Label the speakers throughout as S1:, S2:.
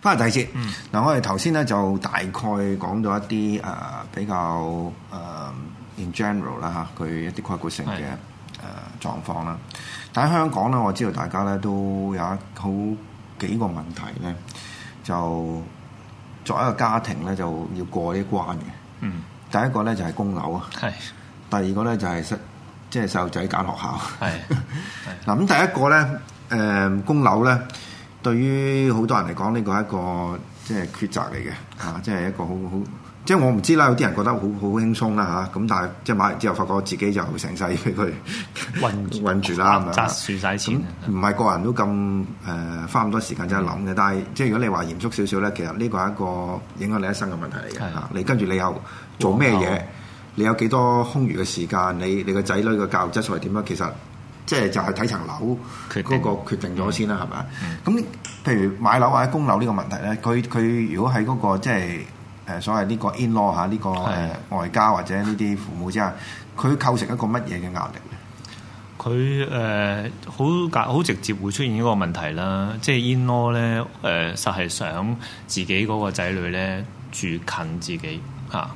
S1: 翻嚟第二節，嗱、嗯、我哋頭先咧就大概講咗一啲誒比較誒、嗯、in general 啦嚇佢一啲概括性嘅誒狀況啦。的但喺香港咧，我知道大家咧都有一好幾個問題咧，就作為一個家庭咧就要過呢一關嘅。嗯，第一個咧就係供樓啊，係。第二個咧就係細即係細路仔揀學校，係。嗱咁第一個咧誒供樓咧。對於好多人嚟講，呢、這個係一個即係抉擇嚟嘅嚇，即係一個好好，即係我唔知啦。有啲人覺得好好輕鬆啦嚇，咁、啊、但係即係買完之後發覺自己就成世俾佢韞韞住啦係咪？蝕曬錢了。唔係個人都咁誒、呃、花咁多時間就去諗嘅，嗯、但係即係如果你話嚴肅少少咧，其實呢個係一個影響你一生嘅問題嚟嘅嚇。的你跟住你又做咩嘢、呃？你有幾多空餘嘅時間？你間你個仔女嘅教育質素係點啊？其實。即係就係睇層樓，佢嗰個決定咗先啦，係咪、嗯？咁譬如買樓或者供樓呢個問題咧，佢佢如果喺嗰、那個即係誒、呃、所謂呢個 in law 嚇、啊、呢、這個誒是的、呃、外家或者呢啲父母之下，佢構成一個乜嘢嘅壓力咧？
S2: 佢誒好好直接會出現呢個問題啦。即係 in law 咧誒、呃，實係想自己嗰個仔女咧住近自己嚇。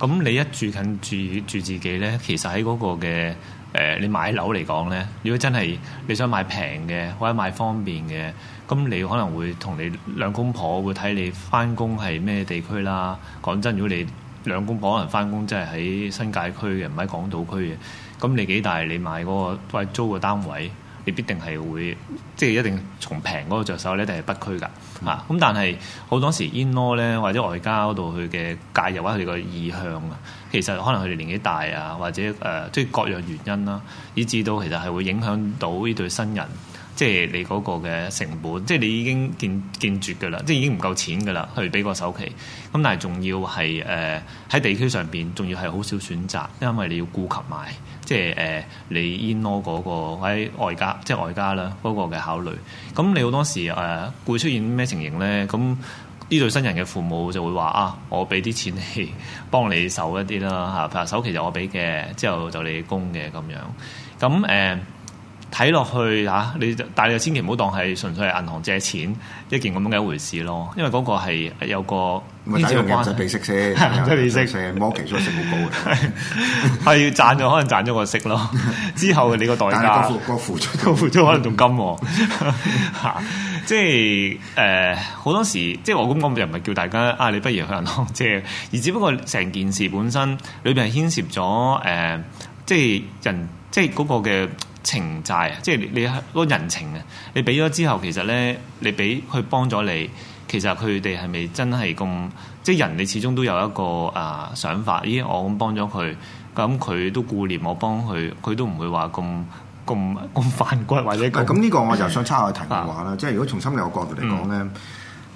S2: 咁、啊、你一住近住住自己咧，其實喺嗰個嘅。誒、呃，你買樓嚟講呢，如果真係你想買平嘅，或者買方便嘅，咁你可能會同你兩公婆會睇你翻工係咩地區啦。講真，如果你兩公婆可能翻工真係喺新界區嘅，唔喺港島區嘅，咁你幾大你買嗰、嗰個或者租個單位？你必定係會即係一定從平嗰個著手咧，你一定係北區㗎、嗯、啊！咁但係好多時，in law 咧或者外交嗰度佢嘅介入或佢哋嘅意向啊，其實可能佢哋年紀大啊，或者誒即係各樣原因啦，以致到其實係會影響到呢對新人。即係你嗰個嘅成本，即係你已經見見絕㗎啦，即係已經唔夠錢㗎啦，去俾個首期。咁但係仲要係誒喺地區上邊，仲要係好少選擇，因為你要顧及埋即係誒、呃、你 in-law 嗰個喺、哎、外家，即係外家啦嗰、嗰個嘅考慮。咁你好多時誒會、呃、出現咩情形咧？咁呢對新人嘅父母就會話啊，我俾啲錢幫你幫你籌一啲啦嚇，譬如首期就我俾嘅，之後就你供嘅咁樣。咁誒。呃睇落去嚇、啊，你但係千祈唔好當係純粹係銀行借錢一件咁樣嘅一回事咯，因為嗰個係有個牽涉關係。利息先，冇利 息，
S1: 掹期數係最高嘅，
S2: 係要賺咗可能賺咗個息咯。 之後你個代價，個
S1: 付出，個付出可能
S2: 仲金嚇、呃，即係誒好多時，即係我咁講就唔係叫大家啊，你不如去銀行借，而只不過成件事本身裏邊係牽涉咗誒、呃，即係人。人即係嗰個嘅情債啊，即係你個人情啊，你俾咗之後，其實咧你俾佢幫咗你，其實佢哋係咪真係咁？即係人，你始終都有一個啊想法。咦、哎，我咁幫咗佢，咁佢都顧念我幫佢，佢都唔會話咁咁
S1: 咁反骨或者咁。咁呢個我就想差我提個話啦，即係 如果從心理角度嚟講咧，嗯、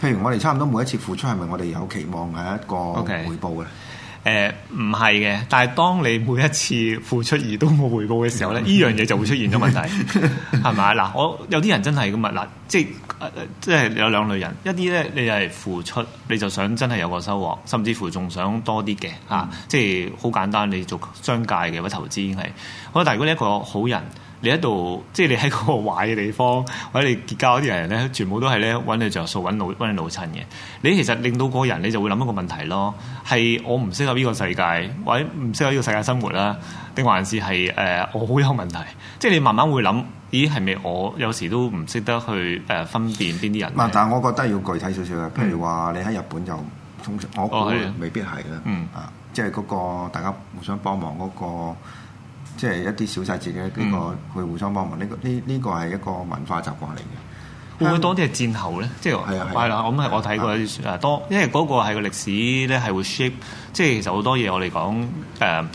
S1: 譬如我哋差唔多每一次付出係咪我哋有期望嘅一個回報嘅？Okay. 誒
S2: 唔係嘅，但係當你每一次付出而都冇回報嘅時候咧，呢 樣嘢就會出現咗問題，係咪？嗱，我有啲人真係咁啊！嗱，即係、呃、即係有兩類人，一啲咧你係付出，你就想真係有個收穫，甚至乎仲想多啲嘅嚇，啊嗯、即係好簡單。你做商界嘅或者投資係，好，但係如果你一個好人。你喺度，即係你喺個壞嘅地方，或者你結交啲人咧，全部都係咧揾你着數、揾老、揾你老襯嘅。你其實令到個人，你就會諗一個問題咯，係我唔適合呢個世界，或者唔適合呢個世界生活啦，定還是係誒、呃、我好有問題？即係你慢慢會諗，咦，係咪我有時都唔識得去誒分辨邊啲人？但
S1: 係我覺得要具體少少嘅，譬如話你喺日本就通常，的我估未必係嘅，即係嗰個大家互相幫忙嗰、嗰個。即係一啲小細節嘅呢個去互相幫忙，呢、嗯、個呢呢個係一個文化習慣嚟嘅。會唔會多啲係戰後咧，即係係
S2: 啦。我係我睇過啲誒多，因為嗰個係個歷史咧係會 shape。即係其實好多嘢我哋講誒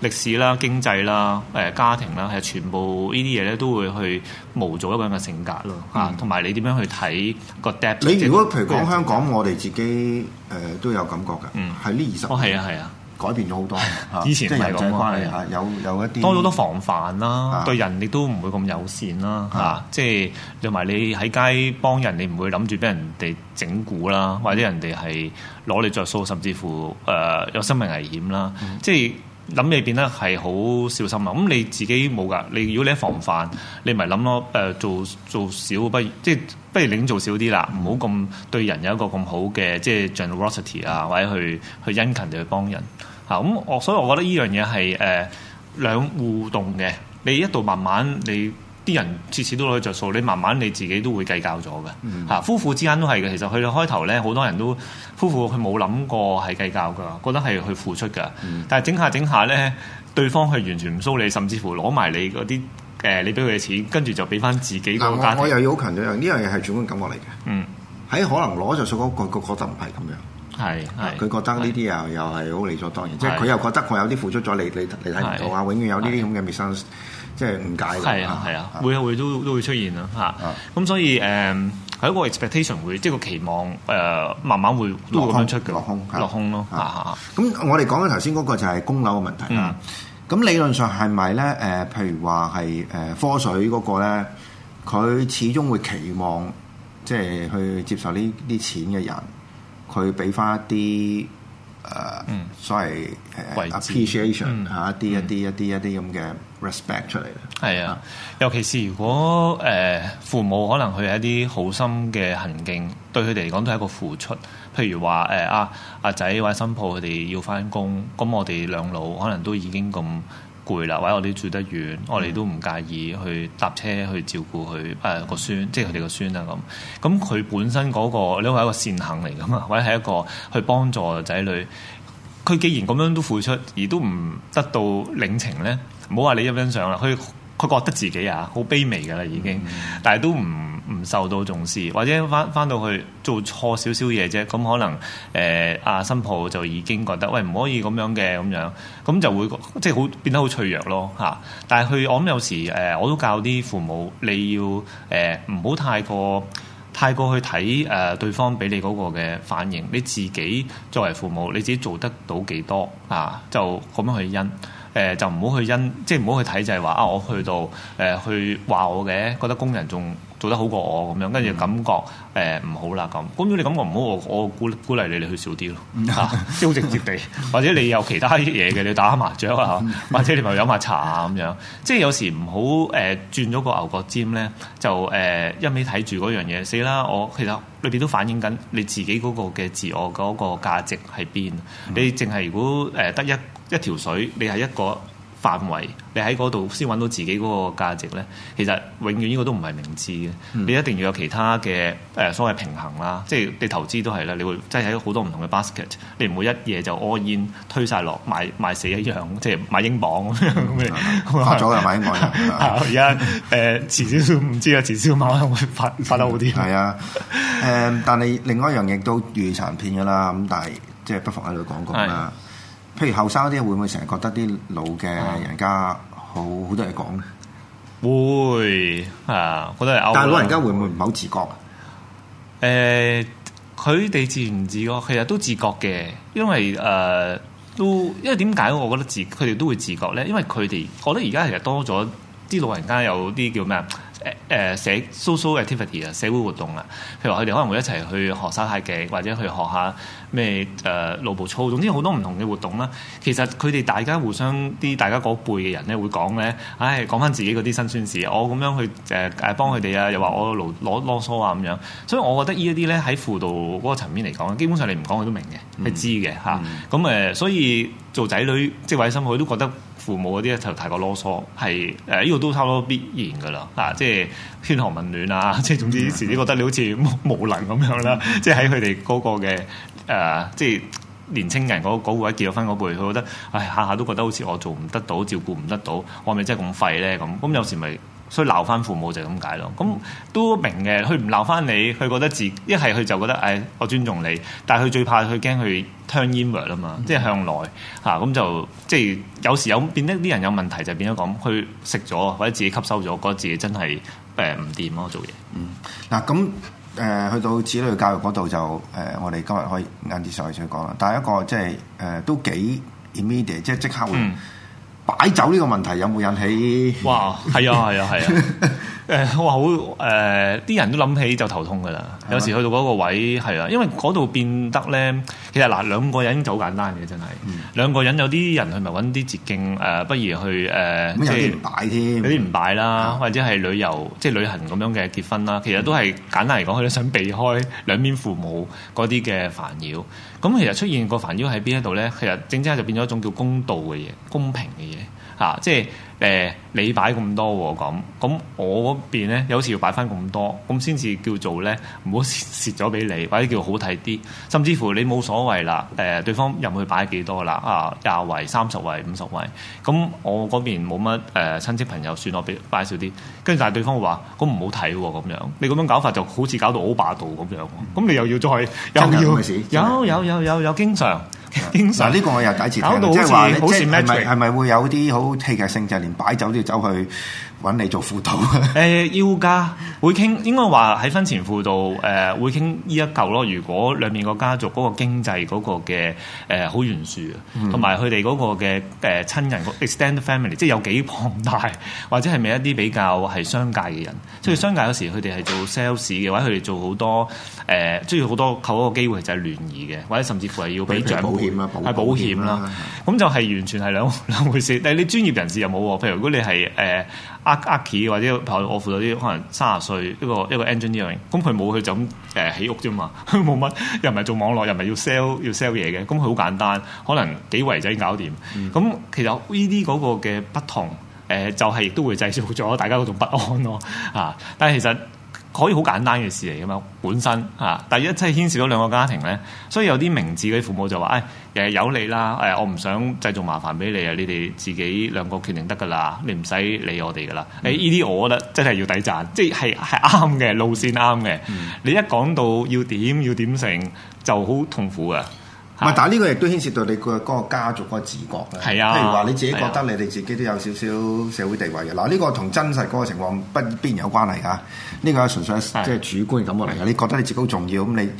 S2: 歷史啦、經濟啦、誒家庭啦，係全部呢啲嘢咧都會去模造一個人嘅性格咯嚇。同、啊、埋、嗯、你點樣去睇個 depth？你如果譬如講香
S1: 港，嗯、我哋自己誒都有感覺嘅。嗯，係呢二十哦，啊，係啊。改變咗好多，以前唔係咁咯、啊，有有一啲多咗多防
S2: 範啦、啊，啊、對人亦都唔會咁友善啦、啊，嚇、啊啊，即係同埋你喺街幫人，你唔會諗住俾人哋整蠱啦，或者人哋係攞你着數，甚至乎誒、呃、有生命危險啦，嗯、即係諗嘢變得係好小心啊！咁你自己冇㗎，如果你一防範，你咪諗咯，誒、呃、做做少不，如，即係不如你做少啲啦，唔好咁對人有一個咁好嘅即係 generosity 啊，或者去去殷勤地去幫人。咁我、嗯、所以，我覺得呢樣嘢係誒兩互動嘅。你一度慢慢，你啲人次次都攞着數，你慢慢你自己都會計較咗嘅。嚇、嗯，夫婦之間都係嘅。其實佢哋開頭咧，好多人都夫婦佢冇諗過係計較㗎，覺得係去付出㗎。嗯、但係整下整下咧，對方係完全唔騷你，甚至乎攞埋你嗰啲誒你俾佢嘅錢，跟住就俾翻自己個家庭但、嗯、我，我又要好
S1: 強調，呢樣嘢係主觀感覺嚟嘅。
S2: 嗯，
S1: 喺可能攞着數嗰、嗰個覺得唔係咁樣。係，佢覺得呢啲又又係好理所當然，即係佢又覺得佢有啲付出咗，你你你睇唔到啊，永遠有呢啲咁嘅 misunderstand，即係誤解
S2: 嘅嚇，會都都會出現啦嚇。咁所以誒，係一個 expectation 會，即係個期望誒，慢慢會都會出嘅落空落空咯嚇。
S1: 咁我哋講咗頭先嗰個就係供樓嘅問題啦。咁理論上係咪咧？誒，譬如話係誒科水嗰個咧，佢始終會期望即係去接受呢啲錢嘅人。佢俾翻一啲誒，呃、所謂誒 appreciation 吓一啲一啲一啲一啲咁嘅 respect 出嚟
S2: 啦。係啊，尤其是如果誒、呃、父母可能佢係一啲好心嘅行徑，對佢哋嚟講都係一個付出。譬如話誒阿阿仔或者新抱佢哋要翻工，咁我哋兩老可能都已經咁。啦，或者我哋住得遠，嗯、我哋都唔介意去搭車去照顧佢誒個孫，即係佢哋個孫啊，咁。咁佢本身嗰、嗰個，你話一個善行嚟噶嘛，或者係一個去幫助仔女。佢既然咁樣都付出，而都唔得到領情咧，唔好話你有咩想啊去？佢覺得自己啊，好卑微嘅啦，已經，但係都唔唔受到重視，或者返返到去做錯少少嘢啫，咁可能誒阿新抱就已經覺得，喂，唔可以咁樣嘅咁樣，咁就會即係好變得好脆弱咯嚇。但係佢我諗有時誒、呃，我都教啲父母，你要誒唔好太過太過去睇誒、呃、對方俾你嗰個嘅反應，你自己作為父母，你自己做得到幾多啊，就咁樣去因。誒、呃、就唔好去因，即係唔好去睇，就係、是、話啊！我去到誒、呃、去話，我嘅，覺得工人仲。做得好過我咁、嗯呃、樣，跟住感覺誒唔好啦咁。咁如果你感覺唔好，我我鼓鼓勵你哋去少啲咯，嚇、 啊，即好直接地。或者你有其他嘢嘅，你打下麻雀啊，或者你咪飲下茶咁樣。即係有時唔好誒轉咗個牛角尖咧，就誒、呃、一味睇住嗰樣嘢。死啦！我其實裏邊都反映緊你自己嗰個嘅自我嗰個價值喺邊？嗯、你淨係如果誒得、呃、一一條水，你係一個。範圍，你喺嗰度先揾到自己嗰個價值咧，其實永遠呢個都唔係明智嘅。你一定要有其他嘅誒所謂平衡啦，即係你投資都係啦，你會即係喺好多唔同嘅 basket，你唔會一夜就屙 l 推晒落買買死一樣，即係買英鎊咁樣。錯咗又買外銀。而家
S1: 誒遲少少唔知啊，遲少少慢慢會發發得好啲、嗯。係啊，誒、嗯，但係另外一樣嘢都預殘片噶啦，咁但係即係不妨喺度講講啦。譬如後生啲會唔會成日覺得啲老嘅人家好好多嘢講咧？會啊，覺得。但係老人家會唔會唔好自覺啊？誒、呃，
S2: 佢哋自唔自覺？其實都自覺嘅，因為誒、呃、都因為點解我覺得自佢哋都會自覺咧？因為佢哋我覺得而家其實多咗啲老人家有啲叫咩啊？誒社 social activity 啊，社會活動啊，譬如話佢哋可能會一齊去學沙蟹、太極，或者去學下咩誒勞步操，總之好多唔同嘅活動啦。其實佢哋大家互相啲，大家嗰輩嘅人咧會講咧，唉，講返自己嗰啲辛酸事，我咁樣去誒誒幫佢哋啊，又話我勞攞囉嗦啊咁樣。所以我覺得呢一啲咧喺輔導嗰個層面嚟講，基本上你唔講佢都明嘅，係知嘅吓。咁誒，所以做仔女即係為心，佢都覺得父母嗰啲咧就太過囉嗦，係誒呢個都差唔多必然㗎啦，啊即係。即係噓寒問暖啊，即係總之，自己覺得你好似無能咁樣啦、 呃。即係喺佢哋嗰個嘅誒，即係年青人嗰個位結咗婚嗰輩，佢覺得唉，下下都覺得好似我做唔得到，照顧唔得到，我咪真係咁廢咧咁。咁、嗯、有時咪。所以鬧返父母就係咁解咯，咁都明嘅。佢唔鬧返你，佢覺得自己一係佢就覺得，誒、哎，我尊重你。但係佢最怕，佢驚佢 turn in 啊嘛，嗯、即係向內嚇。咁、啊、就即係有時有變得啲人有問題，就變咗咁，佢食咗或者自己吸收咗，覺得自己真係誒唔掂咯，做嘢。嗯，
S1: 嗱咁誒，去到子女教育嗰度就誒、呃，我哋今日可以晏啲上去再講啦。但係一個、就是呃、ate, 即係誒都幾 immediate，即係即刻會。嗯擺酒呢個問題有冇引起？哇，係啊，係啊，係啊！
S2: 誒、 呃，我話好誒，啲、呃、人都諗起就頭痛噶啦。嗎有時去到嗰個位係啊，因為嗰度變得咧，其實嗱、呃、兩個人就好簡單嘅，真係、嗯、兩個人有啲人佢咪揾啲捷徑誒，不如去誒，有啲唔擺添，有啲唔擺啦，或者係旅遊即係、就是、旅行咁樣嘅結婚啦，其實都係簡單嚟講，佢都想避開兩邊父母嗰啲嘅煩擾。咁其實出現個煩擾喺邊一度咧，其實正正就變咗一種叫公道嘅嘢，公平嘅嘢，嚇、啊，即係。誒你擺咁多喎，哦，咁咁我嗰邊咧有時要擺翻咁多，咁先至叫做咧唔好蝕蝕咗俾你，或者叫好睇啲。甚至乎你冇所謂啦，誒、呃、對方入去擺幾多啦，啊，廿位、三十位、五十位，咁我嗰邊冇乜誒親戚朋友算落俾擺少啲。跟住但係對方會話，咁唔好睇喎，咁樣你咁樣搞法就好似搞到好霸道咁樣。咁、嗯、你又
S1: 要再去，拗嘅有要有的要有有有，有經常。嗱，呢個我又第一次聽到，好即係話，好像 即係係咪係咪會有啲好戲劇性，就係、是、連擺酒都要走去。揾你做輔導誒要㗎，會傾應該話喺婚前輔導誒會傾依一
S2: 嚿咯。如果兩面個家族嗰個經濟嗰個嘅誒好懸殊，同埋佢哋嗰個嘅誒親人個 extended family，即係有幾龐大，或者係咪一啲比較係商界嘅人？即係商界有時佢哋係做 sales 嘅話，佢哋做好多誒，即係好多靠嗰個機會就係聯誼嘅，或者甚至乎係要俾財保險啦，係保險啦。咁就係完全係兩兩回事。但係你專業人士又冇喎，譬如如果你係誒。阿阿或者我我負責啲可能三十歲一個一個 engineering 咁佢冇去就咁誒起屋啫嘛，冇 乜又唔係做網絡又唔係要 sell 要 sell 嘢嘅，咁佢好簡單，可能幾圍仔搞掂。咁、嗯、其實呢啲嗰個嘅不同誒、呃，就係、是、亦都會製造咗大家嗰種不安咯啊，啊！但係其實。可以好簡單嘅事嚟噶嘛，本身嚇，第一真係牽涉到兩個家庭咧，所以有啲明智嘅父母就話：誒、哎，天天有你啦，誒、哎，我唔想製造麻煩俾你啊，你哋自己兩個決定得噶啦，你唔使理我哋噶啦。誒、嗯，呢啲我覺得真係要抵讚，即係係啱嘅路線，啱嘅、嗯。你一講到要點要
S1: 點成，就好痛苦嘅。但係呢個亦都牽涉到你個嗰家族嗰個自覺啦。啊，譬如話你自己覺得你哋自己都有少少社會地位嘅。嗱、啊，呢個同真實嗰個情況不必然有關係㗎？呢、啊、個純粹即係主觀嘅感覺嚟㗎。啊、你覺得你自己好重要咁、啊、你。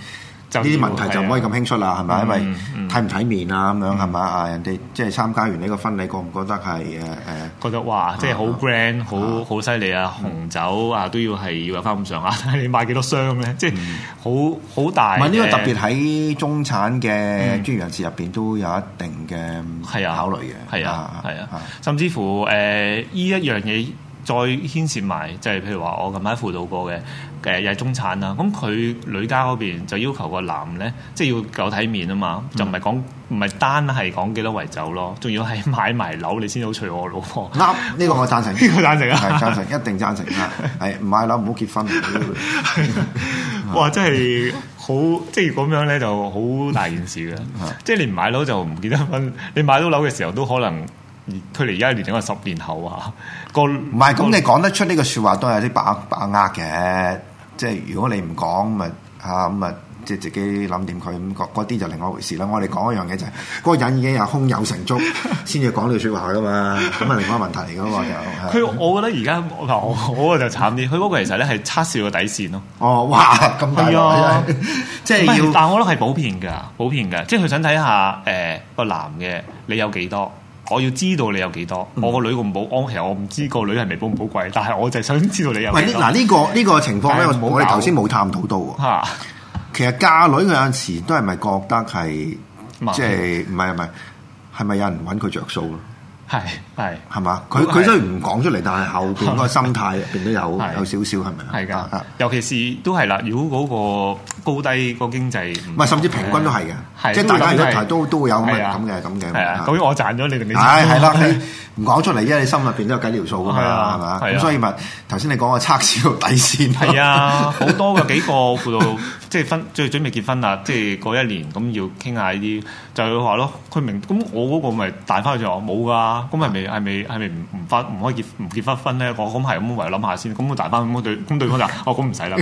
S1: 呢啲問題就唔可以咁輕率啦，係咪？因為睇唔睇面啊咁樣係咪啊？人哋即係參加完呢個婚禮，覺唔覺得係誒誒？覺得哇，
S2: 即係好 grand，好好犀利啊！紅酒啊都要係要有翻咁上下，你買幾多箱咧？即係好好大。唔係呢個特別喺
S1: 中產嘅專業人士入邊都有一定嘅考慮嘅，係啊，係啊，
S2: 甚至乎誒依一樣嘢，再牽涉埋，即係譬如話，我近排輔導過嘅，誒又係中產啦。咁佢女家嗰邊就要求個男咧，即係要夠體面啊嘛，嗯、就唔係講，唔係單係講幾多圍酒咯，仲要係買埋樓你先好娶我老婆。啱、
S1: 嗯，呢、呢個我贊成，呢 個贊成啊， 贊成，一定贊成啊。係 買樓唔好結婚。
S2: 哇，真係好，即係咁樣咧就好大件事嘅。即係 你唔買樓就唔結婚，你買到樓嘅時候都可能。距離而家一年整係十年後啊？那
S1: 個唔係咁，是你講得出呢個説話都係有啲把握嘅。即係如果你唔講，咪，啊咁啊，即係自己諗掂佢咁，嗰啲就另外一回事啦。我哋講一樣嘢就係、是、嗰、那個人已經有胸有成竹，先至 講呢個説話㗎嘛。咁啊，另外問題嚟嘅嘛又。佢
S2: 我覺得而家嗱我我就慘啲，佢嗰個其實咧係測試個底線咯。
S1: 哦，哇，咁低鑊，
S2: 即係的 要但係我都係普遍嘅，普遍嘅，即係佢想睇下誒個男嘅你有幾多。我要知道你有幾多？我個女個寶安，其實我唔知個女係咪寶唔寶貴，但係我就
S1: 想知道你有幾多？喂，嗱，呢個呢個情況咧，唉我搞我哋頭先冇探討到啊。其實嫁女佢有陣時都係咪覺得係即係唔係唔係係咪有人揾佢着數咯？係係係嘛，佢佢是雖然唔講出嚟，但係後邊嗰個心態入邊都有是有少少，係咪啊？係噶，
S2: 尤其是都係啦。如果嗰個高低個經濟唔係，甚至平均都係嘅，的即係大家如果的都
S1: 都，都會有咁嘅咁嘅咁嘅。咁樣我賺咗你定，你賺咗。唔講出嚟，因為你心入邊都有計條數㗎嘛，係嘛？咁所以咪頭先你講個測試個底線係啊，好多
S2: 個幾個輔導
S1: 即係分，最、即係、準
S2: 備結婚啦，即係過一年咁要傾下呢啲，就話咯，佢明咁我嗰個咪大翻去就冇㗎，咁係咪係咪係咪唔唔翻唔可以結唔結婚婚咧？我咁係咁，唯有諗下先。咁我大翻咁對，咁對方就哦咁唔使啦。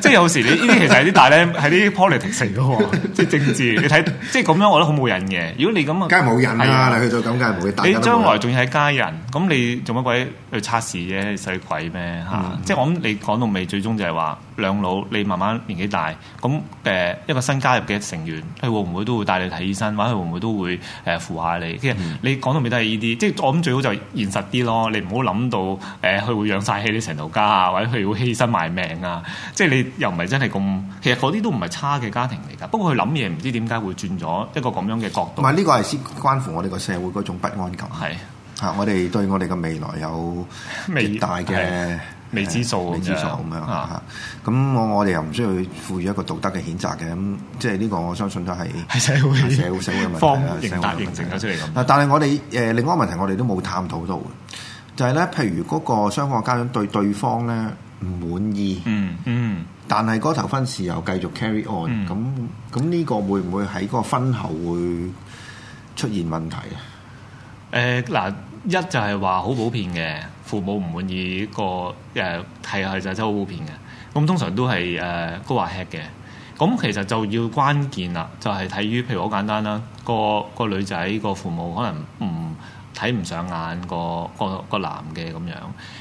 S2: 即係有時你呢啲其實係啲大咧，係啲 politics 嚟喎，即係政治。你睇即係咁樣，我覺得好冇癮嘅。如果你咁啊，梗係冇癮啦，去到咁
S1: 梗係冇嘅。你將說來。仲
S2: 要係家人，咁你做乜鬼？去測試啫，使鬼咩嚇？即係、mm hmm. 我諗你講到尾，最終就係話兩老，你慢慢年紀大，咁誒一個新加入嘅成員，佢會唔會都會帶你去睇醫生？或者佢會唔會都會誒扶下你？Mm hmm. 其實你講到尾都係依啲，即係我諗最好就現實啲咯。你唔好諗到誒，佢、呃、會養晒起你成頭家啊，或者佢會犧牲埋命啊。即係你又唔係真係咁，其實嗰啲都唔係差嘅家庭嚟㗎。不過佢諗嘢唔知點解會轉咗一個咁樣嘅角度。唔係，呢
S1: 個係先關乎我哋個社會嗰種不安感。係。我哋對我哋嘅未來有極大嘅未知數，未知數咁樣嚇。咁、啊、我我哋又唔需要去賦予一個道德嘅譴責嘅。咁即係呢個，我相信都係社會社會社會嘅問題啦。極大認證。咁但係我哋誒、呃、另外一個問題，我哋都冇探討到就係、是、咧，譬如嗰個雙方嘅家長對對方咧唔滿意，嗯嗯，嗯但係嗰頭婚事又繼續 carry on，咁咁呢個會唔會喺嗰個婚後會出現問題
S2: 啊？誒嗱、呃。一就係話好普遍嘅，父母唔滿意個誒，係係就真係好普遍嘅。咁通常都係誒高話吃嘅。咁、呃、其實就要關鍵啦，就係、係、睇於譬如好簡單啦，嗰個、嗰個女仔個父母可能唔睇唔上眼個個、嗰個男嘅咁樣。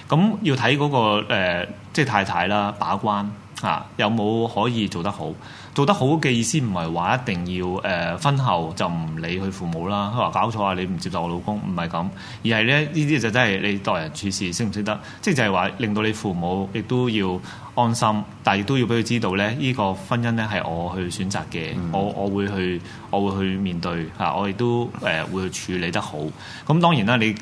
S2: 咁要睇嗰、嗰個、呃、即係太太啦把關嚇、啊，有冇可以做得好。做得好嘅意思唔係話一定要誒、呃、婚後就唔理佢父母啦，佢話搞錯啊！你唔接受我老公，唔係咁，而係咧，呢啲就真係你待人處事識唔識得，即係就係、是、話令到你父母亦都要安心，但亦都要俾佢知道咧，呢、呢個婚姻咧係我去選擇嘅，嗯、我我會去我會去面對，嚇，我亦都會去處理得好。咁當然啦，你。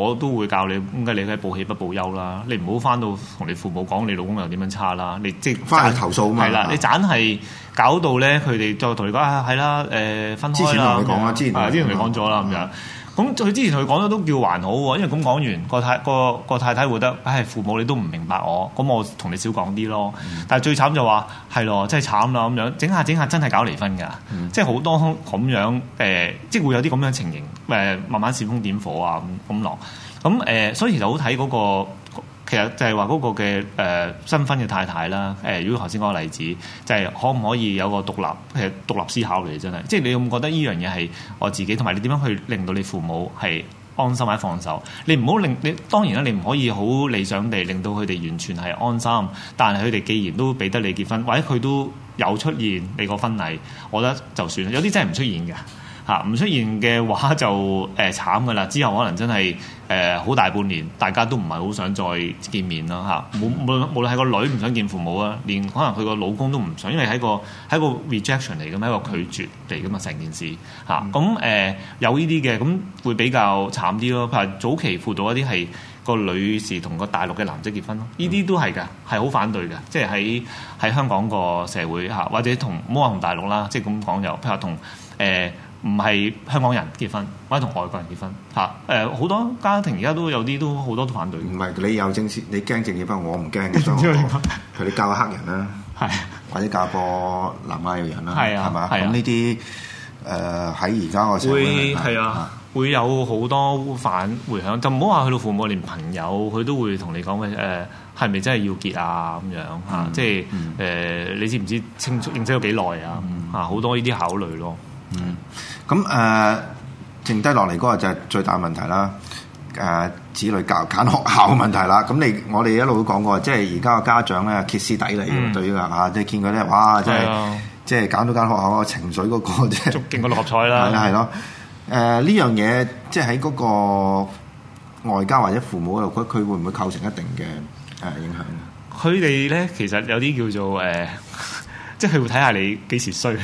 S2: 我都會教你，應該你係報喜不報憂啦？你唔好翻到同你父母講你老公又點樣差啦？你即係翻回去只投訴嘛？係啦的，的你盞係搞到咧，佢哋再同你講係啦，誒、呃、分開啦之前同你講啊，的之前的之前的你講咗啦咁樣。咁佢之前同佢講都叫還好喎，因為咁講完個太、個太個、個太太會覺得唉父母你都唔明白我，咁我同你少講啲咯。但係最慘就話係咯，真係慘啦咁樣，整下整下真係搞離婚㗎、嗯呃，即係好多咁樣誒，即係會有啲咁樣情形誒、呃，慢慢煽風點火啊咁咁落。咁誒、呃，所以其實好睇嗰個。其實就係話嗰個嘅，誒、呃、新婚嘅太太啦。誒、呃，如果頭先嗰個例子，就係、是、可唔可以有個獨立獨立思考嚟，真係。即係你有冇覺得呢樣嘢係我自己同埋你點樣去令到你父母係安心或者放手？你唔好令你當然啦，你唔可以好理想地令到佢哋完全係安心。但係佢哋既然都俾得你結婚，或者佢都有出現你個婚禮，我覺得就算有啲真係唔出現嘅。嚇唔出現嘅話就誒慘㗎啦，之後可能真係誒好大半年，大家都唔係好想再見面咯嚇。冇冇冇論係個女唔想見父母啊，連可能佢個老公都唔想，因為係一個係一個 rejection 嚟嘅嘛，一個拒絕嚟嘅嘛，成件事嚇。咁、啊、誒、嗯呃、有呢啲嘅，咁會比較慘啲咯。譬如早期輔導一啲係個女士同個大陸嘅男仔結婚咯，呢啲都係㗎，係好反對嘅，即係喺喺香港個社會嚇、啊，或者同唔好話同大陸啦，即係咁講又譬如話同誒。呃唔係香港人結婚，或者同外國人結婚嚇。誒、呃，好多家庭而家都有啲都好多都反對。唔係你有政治，你驚
S1: 政治婚，我唔驚嘅。佢 教黑人啦，係，是啊、或者教個南亞嘅人啦，係啊，係嘛？咁、呃、呢啲誒喺而家我會係啊，
S2: 會有好多反回響。就唔好話去到父母，連朋友佢都會同你講嘅誒，係咪真係要結啊？咁樣嚇，即係誒，你知唔知清楚認識咗幾耐啊？嚇，好多呢啲考慮咯。嗯。
S1: 咁誒，嗯嗯、剩低落嚟嗰個就係最大問題啦。誒，子女教育揀學校嘅問題啦。咁你我哋一路都講過，即係而家個家長咧歇斯底里，對於啊，即係見佢咧，哇！即係、嗯、即係揀咗間學校，情緒嗰、那個即係足勁過六合彩啦。係咯、 嗯，誒、嗯、呢、呃、樣嘢，即係喺嗰個外家或者父母嗰度，佢佢會唔會構成一定嘅誒影響？
S2: 佢哋咧其實有啲叫做誒、呃，即係佢會睇下你幾時衰，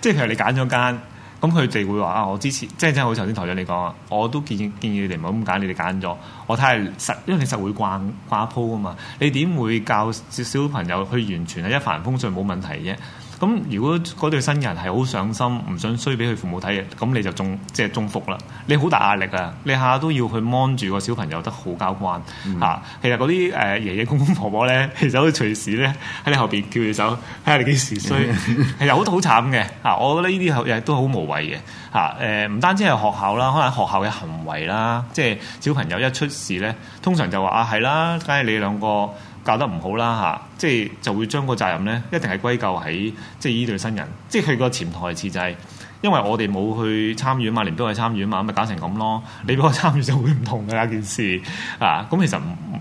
S2: 即係譬如你揀咗間。咁佢哋會話啊！我之前即係即係好似頭先台長你講啊，我都建議建議你哋唔好咁揀，你哋揀咗，我睇係實，因為你實會逛掛鋪啊嘛，你點會教小朋友去完全係一帆風順冇問題啫？咁如果嗰對新人係好上心，唔想衰俾佢父母睇嘅，咁你就中即係、就是、中伏啦。你好大壓力啊！你下下都要去幫住個小朋友得好交關嚇、嗯啊。其實嗰啲誒爺爺公公婆婆咧，其實都隨時咧喺你後邊叫住走，睇下你幾時衰。嗯、其實好都好慘嘅嚇、啊。我覺得呢啲嘢都好無謂嘅嚇。誒、啊、唔、呃、單止係學校啦，可能學校嘅行為啦，即係小朋友一出事咧，通常就話啊係啦，梗係你兩個。搞得唔好啦嚇，即、啊、係、就是、就會將個責任咧一定係歸咎喺即係依對新人，即係佢個潛台詞就係，因為我哋冇去參與嘛，你都係參與嘛，咪搞成咁咯。你俾我參與就會唔同㗎啦件事啊。咁、啊、其實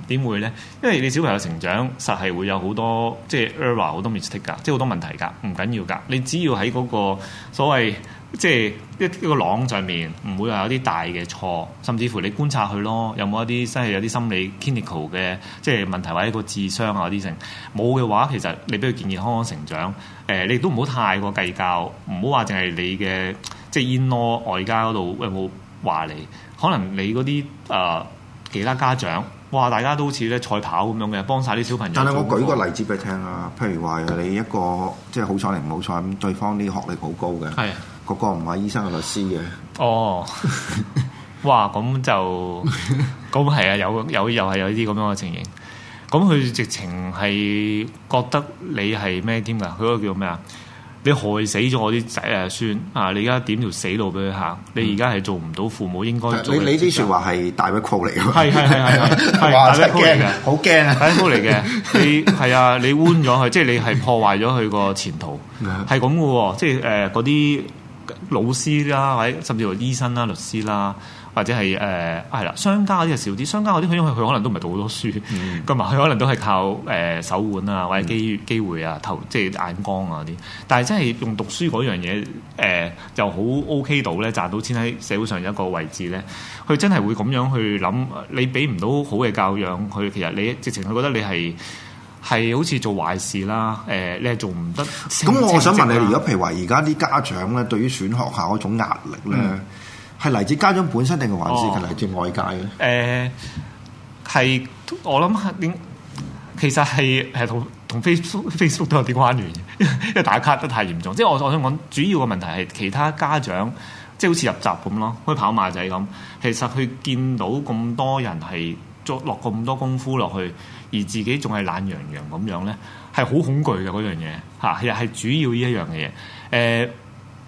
S2: 點會咧？因為你小朋友成長實係會有好多即係 error 好多 mistake 㗎，即係好多問題㗎，唔緊要㗎。你只要喺嗰個所謂即係一一個廊上面，唔會話有啲大嘅錯，甚至乎你觀察佢咯，有冇一啲真係有啲心理 clinical 嘅即係問題或者個智商啊啲成冇嘅話，其實你都要健健康康成長，誒、呃、你都唔好太過計較，唔好話淨係你嘅即係 in law 咯，外家嗰度有冇話你，可能你嗰啲誒其他家長，哇大家都好似咧賽跑咁樣嘅，幫晒啲小朋友、那個。但係我舉個例
S1: 子俾你聽啊，譬如話你一個即係好彩定唔好彩咁，對方啲學歷好高嘅。係。個個唔係醫生係律師嘅。哦、
S2: 喔，哇！咁就咁係啊，有有又係有啲咁樣嘅情形。咁佢直情係覺得你係咩添㗎？佢個叫咩啊？你害死咗我啲仔啊！孫啊！你而家點條死路俾佢行？你而家係做唔到父母應該做、嗯你。你你啲説
S1: 話係大威酷嚟㗎。係係係係係。哇！真驚
S2: 啊！好驚啊！大威酷嚟嘅。你係啊！你彎咗佢，即係你係破壞咗佢個前途。係咁嘅喎，即係誒嗰啲。老師啦，或者甚至乎醫生啦、律師啦，或者係誒係啦，商家嗰啲就少啲。商家嗰啲佢因為佢可能都唔係讀好多書，同埋佢可能都係靠誒、呃、手腕啊，或者機機會啊、投即係眼光啊嗰啲。但係真係用讀書嗰樣嘢誒、呃，就好 OK 到咧，賺到錢，喺社會上一個位置咧。佢真係會咁樣去諗，你俾唔到好嘅教養，佢其實你直情佢覺得你係。係好似做壞事啦，誒、呃，你係做唔得。咁我想問你，如果、啊、
S1: 譬如話而家啲家長咧，對於選學校嗰種壓力咧，係嚟、嗯、自家長本身定係還是係嚟自外界
S2: 咧？誒、哦，係、呃、我諗嚇點，其實係係同同 Facebook Facebook 都有啲關聯， 因為打卡得太嚴重。即係我我想講主要嘅問題係其他家長，即係好似入閘咁咯，好似跑馬仔咁。其實佢見到咁多人係做落咁多功夫落去。而自己仲係懶洋洋咁樣咧，係好恐懼嘅嗰樣嘢其實又係主要呢一樣嘅嘢。誒，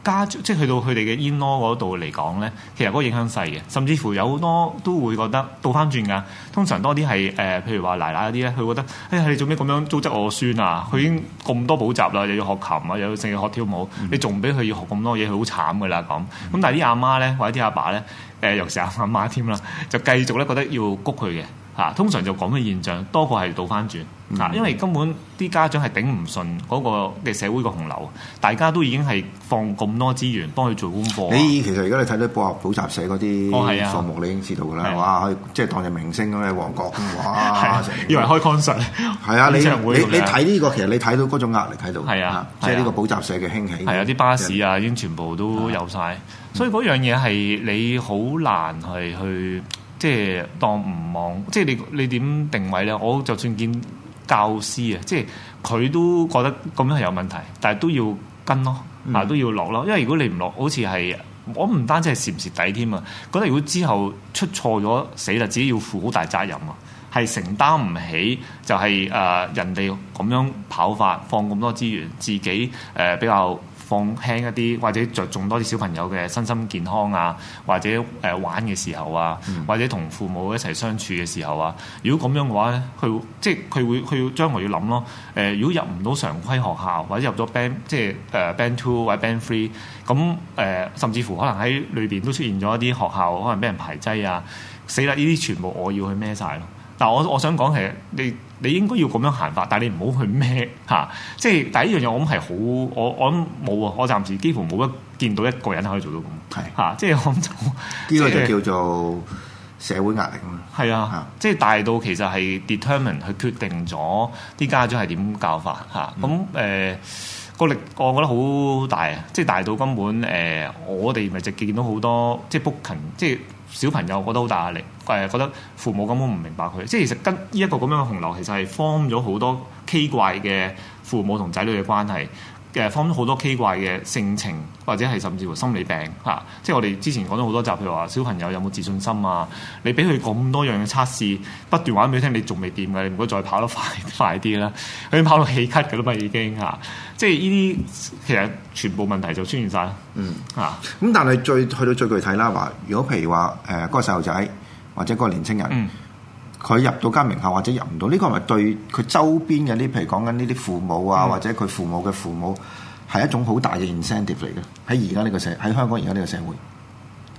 S2: 家即係去到佢哋嘅煙攞嗰度嚟講咧，其實嗰、呃、個影響細嘅。甚至乎有好多都會覺得倒翻轉㗎。通常多啲係誒，譬如話奶奶啲咧，佢覺得誒、哎，你做咩咁樣糟質我孫啊？佢已經咁多補習啦，又要學琴啊，又成日學跳舞，mm hmm. 你仲唔俾佢要學咁多嘢？佢好慘㗎啦咁。咁但係啲阿媽咧，或者啲阿爸咧，誒又成日阿媽添啦，就繼續咧覺得要谷佢嘅。啊，通常就咁嘅現象多過係倒翻轉，啊，因為根本啲家長係頂唔順嗰個嘅社會嘅洪流，大家都已經係放咁多資源幫佢做功課。你其
S1: 實而家你睇到補習補習社嗰啲項目，你已經知道㗎啦。哇，即係當日明星咁喺旺角，哇，以為開 concert 咧。係啊，你你睇呢個其實你睇到嗰種壓力喺度。係啊，即係呢個補習社
S2: 嘅興起。係啊，啲巴士啊已經全部都有晒。所以嗰樣嘢係你好難係去。即係當唔望，即係你你點定位咧？我就算見教師啊，即係佢都覺得咁樣係有問題，但係都要跟咯，啊、嗯、都要落咯，因為如果你唔落，好似係我唔單止係蝕唔蝕底添啊！覺得如果之後出錯咗死啦，自己要負好大責任啊，係承擔唔起、就係，就係誒人哋咁樣跑法放咁多資源，自己誒、呃、比較。放輕一啲，或者着重多啲小朋友嘅身心健康啊，或者誒、呃、玩嘅時候啊，嗯、或者同父母一齊相處嘅時候啊。如果咁樣嘅話咧，佢即係佢會佢要將來要諗咯。誒、呃，如果入唔到常規學校，或者入咗 band，即係誒、uh, band two 或者 band three，咁誒、呃、甚至乎可能喺裏邊都出現咗一啲學校可能俾人排擠啊，死啦！呢啲全部我要去孭晒咯。嗱，我我想講，其實你你應該要咁樣行法，但係你唔好去孭嚇、啊，即係第一依樣嘢我諗係好，我我諗冇啊，我暫時幾乎冇一見到一個人可以做到咁，係嚇是、啊，即係我諗就呢個就叫做社會壓力啊，係啊，啊即係大到其實係 determine 去決定咗啲家長係點教法嚇，咁誒個力我覺得好大啊，即係大到根本誒、呃、我哋咪就見到好多即係 book 琴即係。小朋友覺得好大壓力，誒覺得父母根本唔明白佢，即係其實跟呢一個咁樣嘅洪流，其實係 form 咗好多奇怪嘅父母同仔女嘅關係。嘅放咗好多奇怪嘅性情，或者係甚至乎心理病嚇、啊，即係我哋之前講咗好多集，譬如話小朋友有冇自信心啊？你俾佢咁多樣嘅測試，不斷話俾佢聽，你仲未掂嘅，你唔該再跑得快快啲啦！佢、啊、已經跑到氣咳㗎啦嘛，已經嚇，即係呢啲其實全部問題就出現晒。啦、嗯。嗯
S1: 嚇、啊，咁但係最去到最具體啦，話如果譬如話誒嗰個細路仔或者嗰個年青人。嗯佢入到間名校或者入唔到，呢、這個係咪對佢周邊嘅呢，譬如講緊呢啲父母啊，嗯、或者佢父母嘅父母，係一種好大嘅 incentive 嚟嘅。喺而家呢個社，喺香港而家呢個社會。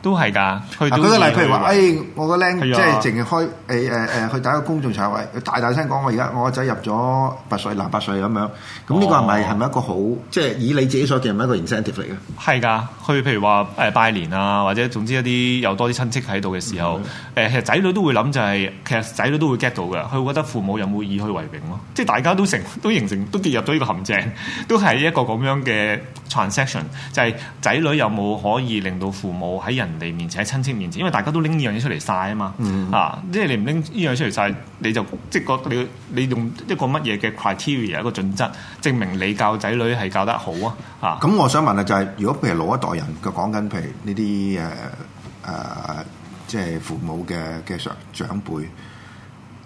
S1: 都係㗎，佢舉個例，譬如話，誒、哎，我個僆，的即係淨係開，誒誒誒，去打個公眾場位、呃，大大聲講，我而家我個仔入咗拔萃，男拔萃咁樣，咁呢個係咪係咪一個好，即係以你自己所見係咪一個 incentive 嚟
S2: 嘅？係㗎，佢譬如話誒拜年啊，或者總之一啲有多啲親戚喺度嘅時候，誒的其實仔女都會諗就係、是，其實仔女都會 get 到嘅，佢覺得父母有冇以佢為榮咯，即係大家都成都形成都跌入咗呢個陷阱，都係一個咁樣嘅 transaction，就係仔女有冇可以令到父母喺人人哋面前喺親戚面前，因為大家都拎呢樣嘢出嚟晒啊嘛、嗯、啊！即係你唔拎呢樣出嚟晒，你就即係覺得你你用一個乜嘢嘅 criteria 一個準則證明你教仔女係教得好啊？嗯、
S1: 啊！咁我想問啊、就係，就係如果譬如老一代人佢講緊，譬如呢啲誒誒，即係父母嘅嘅長長輩，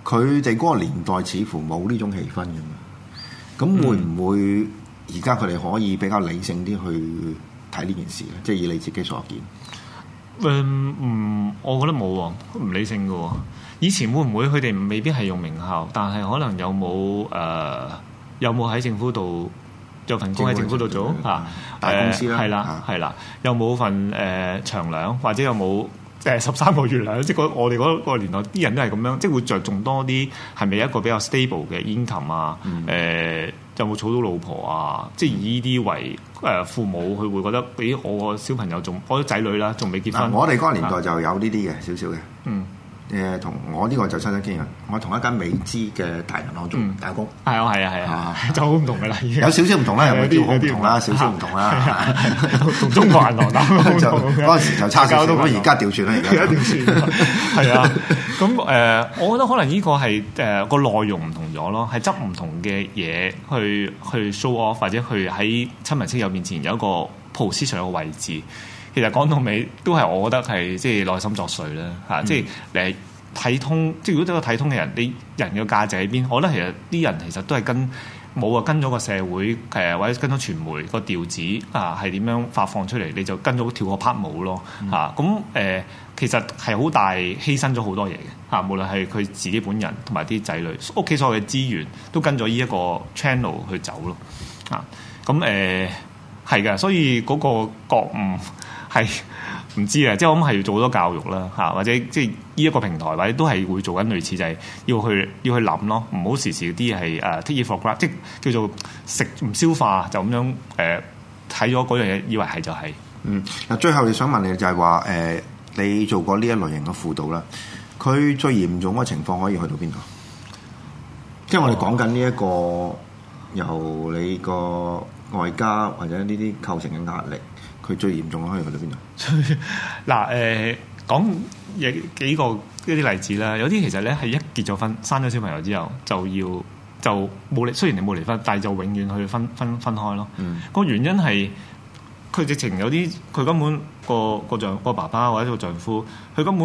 S1: 佢哋嗰個年代似乎冇呢種氣氛嘅嘛，咁會唔會而家佢哋可以比較理性啲去睇呢件事咧？即係以你自己所見。
S2: 嗯，唔，我覺得冇喎，唔理性嘅喎。以前會唔會佢哋未必係用名校，但係可能有冇誒有冇喺、呃、政府度有份工喺政府度做府啊？大公司啦，係啦係啦，有冇份誒、呃、長糧或者有冇誒十三個月糧？即係我哋嗰個年代啲人都係咁樣，即係會着重多啲係咪一個比較 stable 嘅 income 啊？誒、嗯。呃有冇娶到老婆啊？即係以呢啲為誒父母，佢會覺得比我個小朋友仲我啲仔女啦，仲未結婚。我哋嗰個年代就
S1: 有呢啲嘅少少嘅。小小嗯。誒同我呢個就差得驚人。我同一間美資嘅大銀行做打工，
S2: 係啊係啊係啊，就好唔同噶啦，有少少唔同啦，又調控唔同啦，少少唔同啦，
S1: 同中國銀行咁，就嗰陣時就差少少，而家調轉啦，而家調
S2: 轉啦，係啊！咁誒，我覺得可能呢個係誒個內容唔同咗咯，係執唔同嘅嘢去去 show off，或者去喺親戚朋友面前有一個鋪市場一個位置。其實講到尾，都係我覺得係即係內心作祟啦嚇，嗯、即係誒睇通，即係如果一個睇通嘅人，你人嘅價值喺邊？我覺得其實啲人其實都係跟冇啊，跟咗個社會誒，或者跟咗傳媒個調子啊，係點樣發放出嚟，你就跟咗跳個拍舞咯嚇。咁誒、嗯啊呃，其實係好大犧牲咗好多嘢嘅嚇，無論係佢自己本人同埋啲仔女屋企所有嘅資源，都跟咗呢一個 channel 去走咯啊。咁誒。呃係噶，所以嗰個覺悟係唔知啊，即係我諗係要做好多教育啦嚇，或者即係呢一個平台，或者都係會做緊類似，就係要去要去諗咯，唔好時時啲係誒 take it for granted 即叫做食唔消化就咁樣誒睇咗嗰樣嘢以為係就係。嗯，
S1: 嗱，最後我想問你就係話誒，你做過呢一類型嘅輔導啦，佢最嚴重嘅情況可以去到邊度？即係我哋講緊呢一個由你個。外家或者呢啲構成嘅壓力，佢最嚴重可以去到邊度？嗱、 呃，誒講
S2: 嘢幾個呢啲例子啦，有啲其實咧係一結咗婚、生咗小朋友之後，就要就冇離，雖然你冇離婚，但係就永遠去分分分開咯。嗯、個原因係。佢直情有啲，佢根本個個丈個爸爸或者個丈夫，佢根本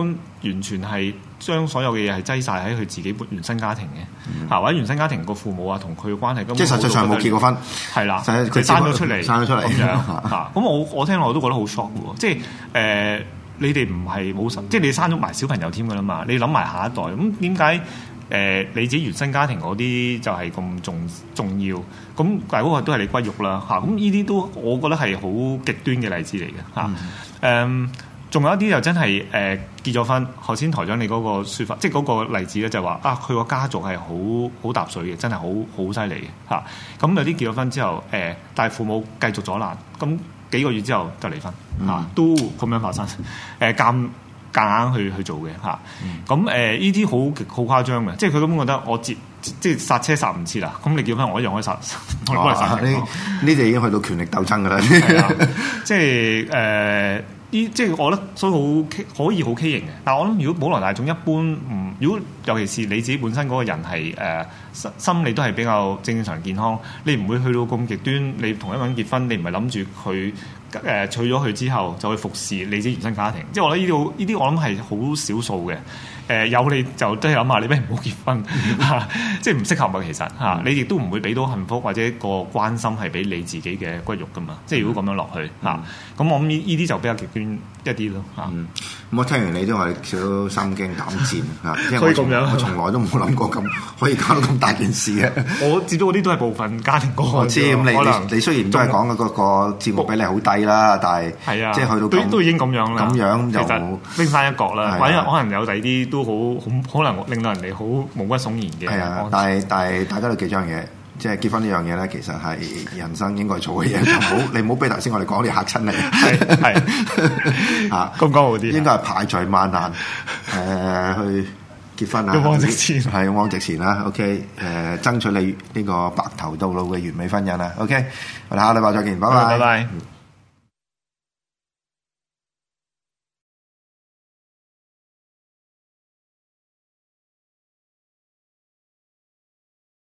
S2: 完全係將所有嘅嘢係擠晒喺佢自己原生家庭嘅，嚇、嗯、或者原生家庭個父母啊同佢嘅關係，即係實質上冇結過婚，係、呃、啦，佢生咗出嚟，生咗出嚟咁樣，嚇、咁我我聽落我都覺得好 shock 喎，即係誒你哋唔係冇什，即係你生咗埋小朋友添㗎啦嘛，你諗埋下一代，咁點解？誒、呃、你自己原生家庭嗰啲就係咁重重要，咁但係嗰個都係你骨肉啦嚇，咁呢啲都我覺得係好極端嘅例子嚟嘅嚇。誒、啊，仲、嗯、有一啲就真係誒、呃、結咗婚，頭先台長你嗰個説法，即係嗰個例子咧就話、是、啊，佢個家族係好好揼水嘅，真係好好犀利嘅嚇。咁、啊、有啲結咗婚之後誒、啊，但係父母繼續阻攔，咁幾個月之後就離婚、嗯、啊，都咁樣發生誒。啊夾硬去去做嘅吓，咁誒呢啲好好誇張嘅，即係佢根本覺得我截即係剎車剎唔切啦，咁你叫返我一樣可以剎，呢
S1: 呢就已經去到權力鬥爭㗎喇， 即
S2: 係誒。呃啲即係我覺得所以好可以好畸形嘅，但係我諗如果普羅大眾一般唔，如果尤其是你自己本身嗰個人係誒、呃、心理都係比較正常健康，你唔會去到咁極端，你同一個人結婚，你唔係諗住佢誒娶咗佢之後就去服侍你自己原生家庭，即係我覺得呢啲依啲我諗係好少數嘅。誒有你就都係諗下你咩唔好結婚嚇，即係唔適合㗎。其實嚇，你亦都唔會俾到幸福或者個關心係俾你自己嘅骨肉㗎嘛。即係如果咁樣落去嚇，咁我諗呢啲就比較極端一啲咯嚇。咁我
S1: 聽完你都係少心驚膽戰嚇，因為我從我從來都冇諗過咁可以搞到咁大件事嘅。我接觸嗰啲都係部分家庭個案。我知咁，你你雖然都係講嗰個節目比例好低啦，但係即係去到都已經
S2: 咁樣啦。咁樣就冰山一角啦，或者可能有第二啲都。都好，好可能令到人哋好毛骨悚然嘅。係啊的，但係
S1: 但係，大家都記張嘢，即係結婚呢樣嘢咧，其實係人生應該做嘅嘢。唔好， 你唔好俾頭先我哋講，你嚇親，你係係吓。咁講好啲，應該係排除萬難誒，去結婚啊，勇往直前，啊，係勇 往直前啦，啊。OK，誒、呃，爭取你呢個白頭到老嘅完美婚姻啊。OK，我哋下禮拜再見，拜拜。拜拜。